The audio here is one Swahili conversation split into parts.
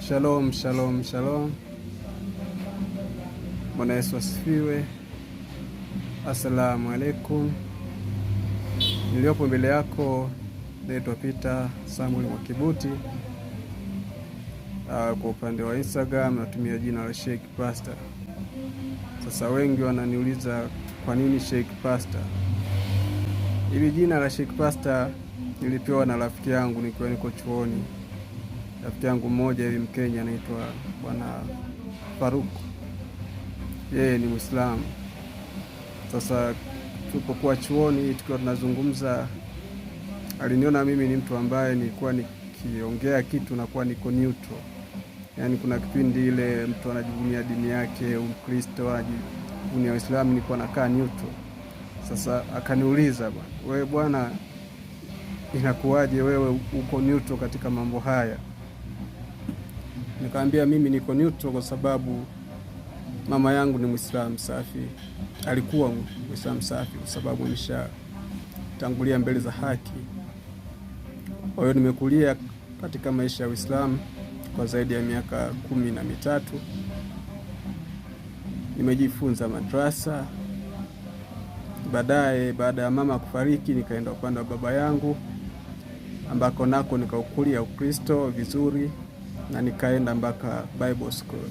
Shalom, shalom, shalom. Bwana Yesu asifiwe. Assalamu alaikum. Niliyopo mbele yako naitwa Peter Samuel Mwakibuti. Uh, kwa upande wa Instagram natumia jina la Sheikh Pastor. Sasa wengi wananiuliza kwa nini Sheikh Pastor? Hili jina la Sheikh Pastor nilipewa na rafiki yangu nikiwa niko chuoni rafiki yangu mmoja hivi Mkenya anaitwa bwana Faruk, yeye ni Mwislamu. Sasa tulipokuwa chuoni tukiwa tunazungumza, aliniona mimi ni mtu ambaye nilikuwa nikiongea kitu nakuwa niko neutral. Yaani kuna kipindi ile mtu anajivunia dini yake, Umkristo anajivunia Uislamu, nilikuwa nakaa neutral. Sasa akaniuliza bwana, wewe bwana, inakuwaje wewe uko neutral katika mambo haya? Nikamwambia mimi niko neutral kwa sababu mama yangu ni Muislamu safi, alikuwa Muislamu safi, kwa sababu ameshatangulia mbele za haki. Kwa hiyo nimekulia katika maisha ya Uislamu kwa zaidi ya miaka kumi na mitatu. Nimejifunza madrasa. Baadaye, baada ya mama kufariki, nikaenda upande wa baba yangu ambako nako nikaukulia Ukristo vizuri na nikaenda mpaka Bible school.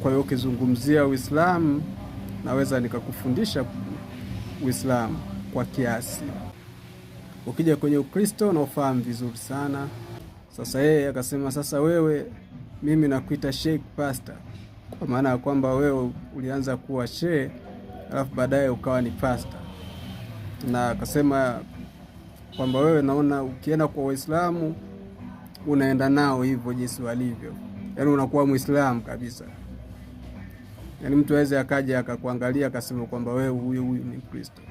Kwa hiyo ukizungumzia Uislamu, naweza nikakufundisha Uislamu kwa kiasi. Ukija kwenye Ukristo unaofahamu vizuri sana. Sasa yeye akasema, sasa wewe, mimi nakuita Sheikh Pastor, kwa maana ya kwamba wewe ulianza kuwa shehe alafu baadaye ukawa ni pastor, na akasema kwamba wewe, naona ukienda kwa Waislamu unaenda nao hivyo jinsi walivyo, yaani unakuwa Muislamu kabisa. Yaani mtu aweze akaja akakuangalia akasema kwamba wewe huyu huyu ni Mkristo.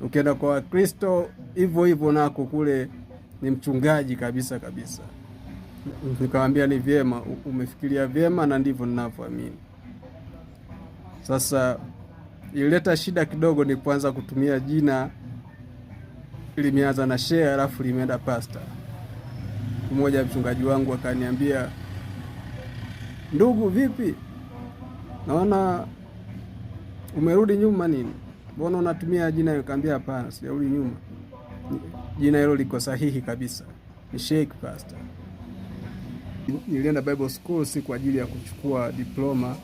Ukienda kwa Wakristo hivyo hivyo, nako kule ni mchungaji kabisa kabisa. Nikawambia ni vyema, umefikiria vyema, na ndivyo ninavyoamini. Sasa ilileta shida kidogo ni kuanza kutumia jina limeanza na shehe alafu limeenda pasta siku moja mchungaji wangu akaniambia, ndugu, vipi, naona umerudi nyuma nini? Mbona unatumia jina? kaambia hapana, sijarudi nyuma, jina hilo liko sahihi kabisa, ni Sheikh Pastor. Nilienda Bible School si kwa ajili ya kuchukua diploma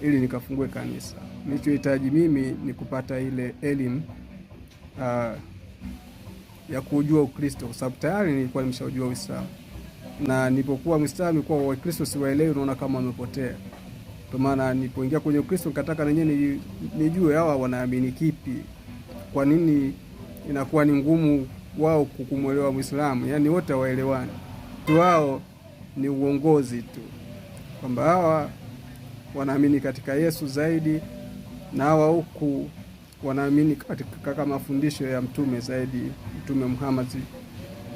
ili nikafungue kanisa. Nilichohitaji mimi ni kupata ile elimu uh, ya kujua Ukristo kwa sababu tayari nilikuwa nimeshaujua Uislamu na nilipokuwa Mwislamu nilikuwa Wakristo siwaelewi, unaona kama wamepotea. Ndio maana nilipoingia kwenye Ukristo nikataka nenyewe nijue hawa wanaamini kipi, kwa nini inakuwa ni ngumu wao kumwelewa Mwislamu, yaani wote hawaelewani tu, wao ni uongozi tu, kwamba hawa wanaamini katika Yesu zaidi na hawa huku wanaamini katika mafundisho ya mtume zaidi, Mtume Muhammad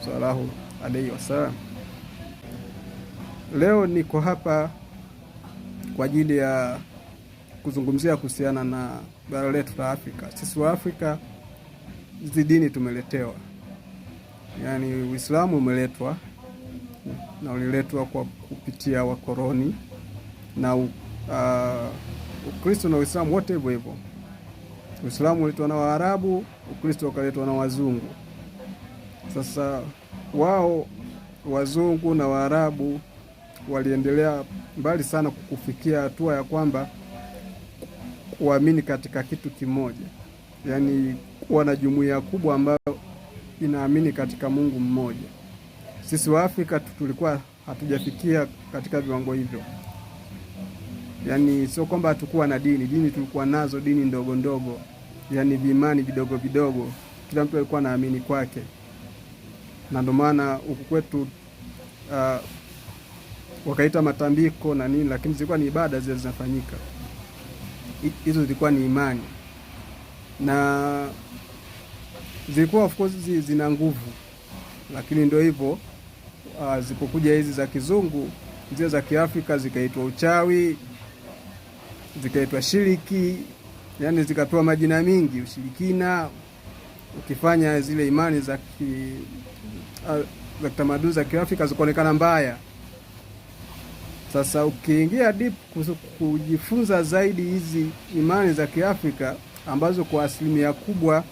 sallallahu alaihi wasallam. Leo niko hapa kwa ajili ya kuzungumzia kuhusiana na bara letu la Afrika. Sisi wa Afrika hizi dini tumeletewa, yaani Uislamu umeletwa na uliletwa kwa kupitia wakoloni na uh, Ukristo na Uislamu wote hivyo hivyo. Uislamu uletwa na Waarabu, Ukristo ukaletwa na Wazungu. Sasa wao Wazungu na Waarabu waliendelea mbali sana kufikia hatua ya kwamba kuamini katika kitu kimoja, yaani kuwa na jumuiya kubwa ambayo inaamini katika Mungu mmoja. Sisi wa Afrika tulikuwa hatujafikia katika viwango hivyo, yaani sio kwamba hatukuwa na dini, dini tulikuwa nazo, dini ndogo ndogo, yaani viimani vidogo vidogo, kila mtu alikuwa anaamini kwake, na ndio maana huku kwetu uh, wakaita matambiko na nini, lakini zilikuwa ni ibada zile zinafanyika, hizo zilikuwa ni imani na zilikuwa of course zina nguvu, lakini ndio hivyo uh, ah, zipokuja hizi za kizungu zile za Kiafrika zikaitwa uchawi, zikaitwa shiriki, yani zikapewa majina mingi, ushirikina, ukifanya zile imani za ki, uh, za kitamaduni za Kiafrika zikaonekana mbaya. Sasa ukiingia deep kujifunza zaidi hizi imani za Kiafrika ambazo kwa asilimia kubwa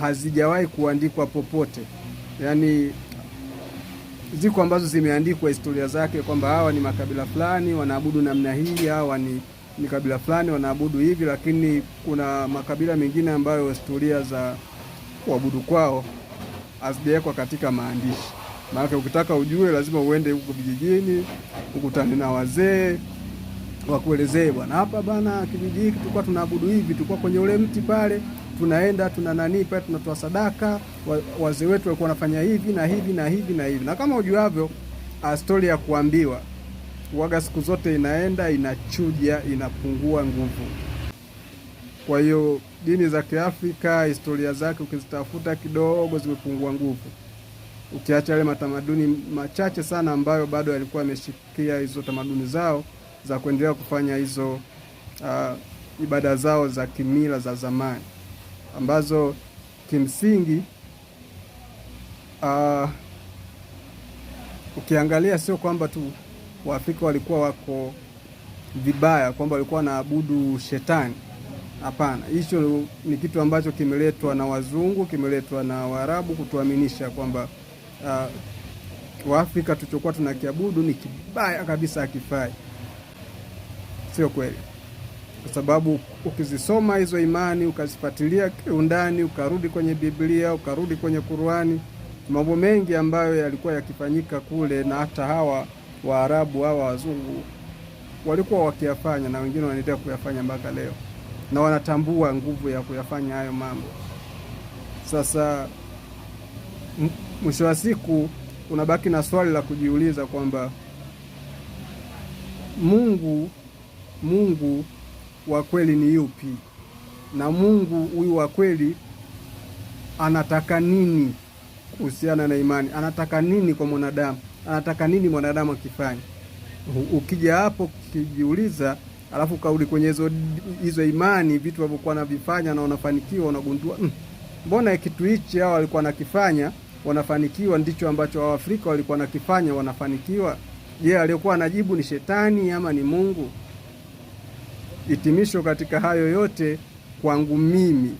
hazijawahi kuandikwa popote, yaani ziko ambazo zimeandikwa historia zake kwamba hawa ni makabila fulani wanaabudu namna hii, hawa ni, ni kabila fulani wanaabudu hivi, lakini kuna makabila mengine ambayo historia za kuabudu kwao hazijawekwa katika maandishi. Maana ukitaka ujue lazima uende huko vijijini, ukutane na wazee wakuelezee, bwana, hapa bana, kijiji hiki tulikuwa tunaabudu hivi, tulikuwa kwenye ule mti pale tunaenda tuna nani pale, tunatoa sadaka, wazee wetu walikuwa wanafanya hivi na hivi na hivi na hivi. Na kama ujuavyo, stori ya kuambiwa waga siku zote inaenda inachuja, inapungua nguvu. Kwa hiyo dini za Kiafrika historia zake ukizitafuta kidogo zimepungua nguvu ukiacha yale matamaduni machache sana ambayo bado yalikuwa yameshikia hizo tamaduni zao za kuendelea kufanya hizo uh, ibada zao za kimila za zamani ambazo kimsingi uh, ukiangalia sio kwamba tu Waafrika walikuwa wako vibaya kwamba walikuwa wanaabudu shetani. Hapana, hicho ni kitu ambacho kimeletwa na wazungu, kimeletwa na Waarabu kutuaminisha kwamba uh, Waafrika tuchokuwa tunakiabudu ni kibaya kabisa, akifai sio kweli, kwa sababu ukizisoma hizo imani ukazifuatilia kiundani, ukarudi kwenye Biblia, ukarudi kwenye Qur'ani, mambo mengi ambayo yalikuwa yakifanyika kule, na hata hawa Waarabu hawa wazungu walikuwa wakiyafanya, na wengine wanaendelea kuyafanya mpaka leo, na wanatambua nguvu ya kuyafanya hayo mambo sasa mwisho wa siku unabaki na swali la kujiuliza kwamba Mungu Mungu wa kweli ni yupi, na Mungu huyu wa kweli anataka nini kuhusiana na imani? Anataka nini kwa mwanadamu? Anataka nini mwanadamu akifanya? Ukija hapo ukijiuliza, alafu ukarudi kwenye hizo imani, vitu unavyokuwa navifanya na unafanikiwa, unagundua mm mbona kitu hichi hao walikuwa nakifanya wanafanikiwa, ndicho ambacho Waafrika walikuwa nakifanya wanafanikiwa. Je, aliyokuwa anajibu ni shetani ama ni Mungu? Hitimisho katika hayo yote kwangu mimi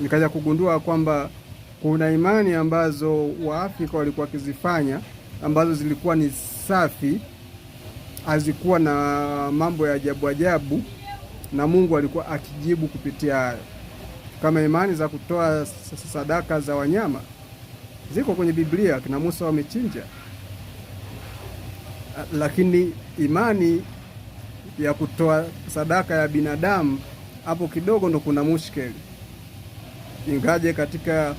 nikaja kugundua kwamba kuna imani ambazo Waafrika walikuwa wakizifanya ambazo zilikuwa ni safi, hazikuwa na mambo ya ajabu ajabu, na Mungu alikuwa akijibu kupitia hayo kama imani za kutoa sadaka za wanyama ziko kwenye Biblia, kina Musa wamechinja. Lakini imani ya kutoa sadaka ya binadamu hapo kidogo ndo kuna mushkeli. Ingaje katika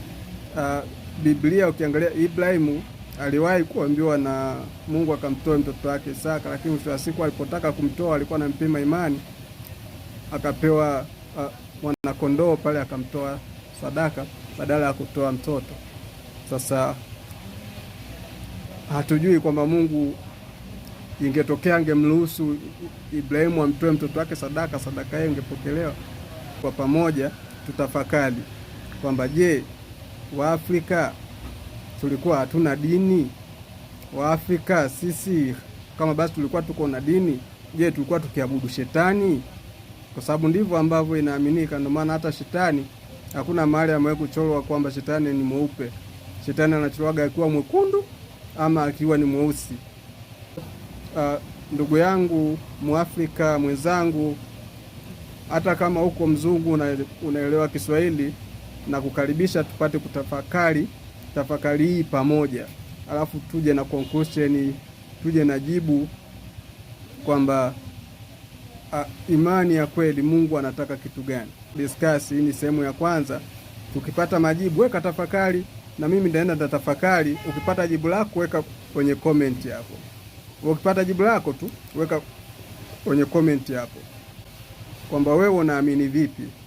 uh, Biblia ukiangalia Ibrahimu aliwahi kuambiwa na Mungu akamtoa mtoto wake Isaka, lakini mwisho wa siku alipotaka kumtoa alikuwa anampima imani, akapewa uh, mwanakondoo pale akamtoa sadaka badala ya kutoa mtoto. Sasa hatujui kwamba Mungu ingetokea angemruhusu Ibrahimu amtoe mtoto wake sadaka, sadaka hiyo ingepokelewa. Kwa pamoja tutafakari kwamba je, Waafrika tulikuwa hatuna dini? Waafrika sisi kama basi tulikuwa tuko na dini, je, tulikuwa tukiabudu shetani? kwa sababu ndivyo ambavyo inaaminika. Ndio maana hata shetani hakuna mahali amewahi kuchorwa kwamba shetani ni mweupe. Shetani anachorwaga akiwa mwekundu ama akiwa ni mweusi. Uh, ndugu yangu Mwafrika mwenzangu, hata kama uko mzungu unaelewa Kiswahili na kukaribisha tupate kutafakari tafakari hii pamoja, alafu tuje na conclusion, tuje na jibu kwamba imani ya kweli, Mungu anataka kitu gani. Discuss, hii ni sehemu ya kwanza. Ukipata majibu, weka tafakari, na mimi ndaenda ndatafakari. Ukipata jibu lako, weka kwenye komenti hapo. Ukipata jibu lako tu, weka kwenye komenti hapo kwamba wewe unaamini vipi.